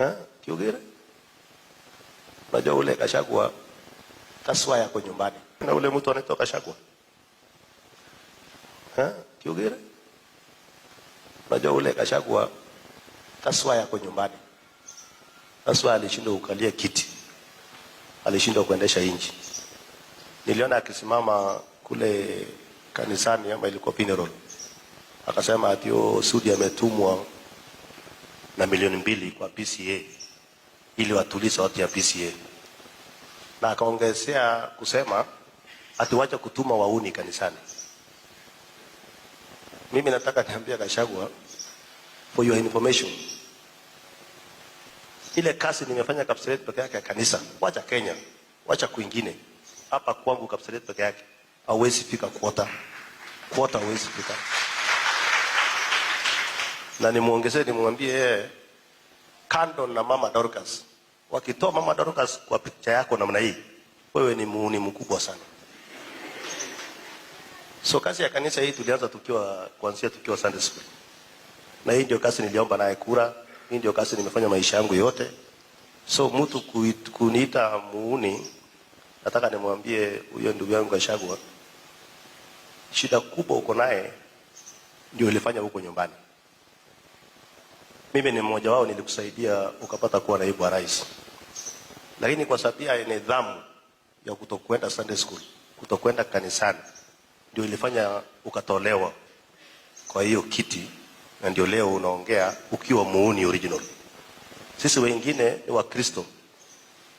kiugire Kiugere. Unajua ule kashakuwa kaswa yako nyumbani. Na ule mtu anaitwa kashakuwa Ha? Unajua ule kashakuwa kaswa yako nyumbani. Kaswa alishindwa kukalia kiti. Alishindwa kuendesha inji. Niliona akisimama kule kanisani ama ilikuwa Pinerol. Akasema atio oh, Sudi ametumwa na milioni mbili kwa PCA ili watulize watu ya PCA, na akaongezea kusema atiwacha kutuma wauni kanisani. Mimi nataka niambia Gachagua, for your information, ile kazi nimefanya Kapseret peke yake ya kanisa, wacha Kenya, wacha kwingine, hapa kwangu Kapseret peke yake hawezi fika kuota kuota, hawezi fika na nimwongezee, nimwambie yeye kando na mama Dorcas. Wakitoa mama Dorcas kwa picha yako namna hii, wewe ni muuni mkubwa sana. So kazi ya kanisa hii tulianza tukiwa kuanzia tukiwa Sunday school, na hii ndio kazi niliomba naye kura, hii ndio kazi nimefanya maisha yangu yote. So mtu kuniita muuni, nataka nimwambie huyo ndugu yangu Gachagua, shida kubwa uko naye ndio ilifanya huko nyumbani. Mimi ni mmoja wao, nilikusaidia ukapata kuwa naibu wa rais, lakini kwa sababu ya nidhamu ya kutokwenda Sunday school, kutokwenda kanisani, ndio ilifanya ukatolewa kwa hiyo kiti, na ndio leo unaongea ukiwa muuni original. Sisi wengine ni Wakristo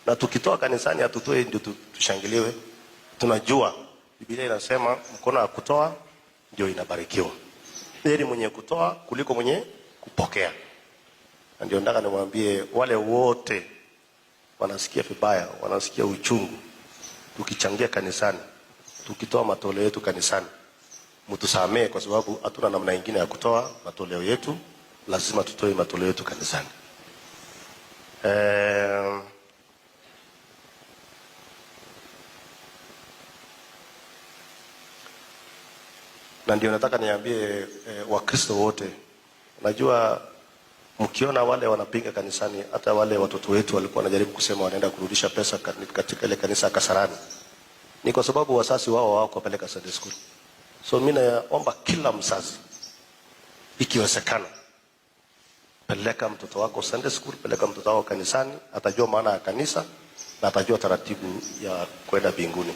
na tukitoa kanisani atutoe ndio tushangiliwe. Tunajua Biblia inasema mkono wa kutoa ndio inabarikiwa. Heri mwenye kutoa kuliko mwenye kupokea na ndio nataka niwaambie wale wote wanasikia vibaya, wanasikia uchungu, tukichangia kanisani, tukitoa matoleo yetu kanisani, mtusamee kwa sababu hatuna namna nyingine ya kutoa matoleo yetu, lazima tutoe matoleo yetu kanisani. Eh, na ndio nataka niambie eh, Wakristo wote najua Mkiona wale wanapinga kanisani, hata wale watoto wetu walikuwa wanajaribu kusema wanaenda kurudisha pesa katika ile kanisa Kasarani, ni kwa sababu wasasi wao wao kupeleka Sunday school. So mimi naomba kila mzazi, ikiwezekana, peleka mtoto wako Sunday school, peleka mtoto wako kanisani, atajua maana ya kanisa na atajua taratibu ya kwenda mbinguni.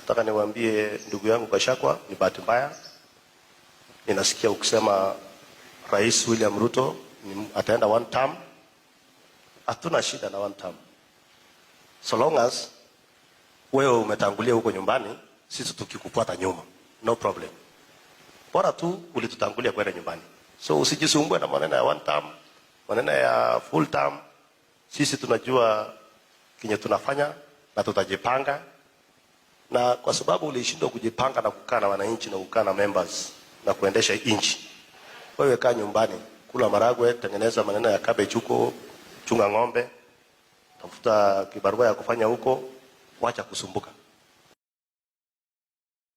Nataka niwaambie ndugu yangu kashakwa ni bahati mbaya ninasikia ukisema Rais William Ruto ataenda one term. Hatuna shida na one term, so long as wewe umetangulia huko nyumbani, sisi tukikupata nyuma, no problem. Bora tu ulitutangulia kwenda nyumbani, so usijisumbue na maneno ya one term, maneno ya full term. Sisi tunajua kinye tunafanya na tutajipanga, na kwa sababu ulishindwa kujipanga na kukaa na wananchi na kukaa na members na kuendesha nchi, wewe kaa nyumbani kula maragwe, tengeneza maneno ya kabe chuko, chunga ng'ombe, tafuta kibarua ya kufanya huko, wacha kusumbuka.